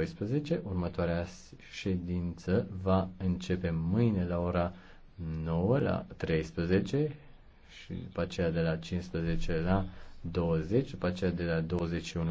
12. Următoarea ședință va începe mâine la ora 9 la 13 și după aceea de la 15 la 20, după aceea de la 21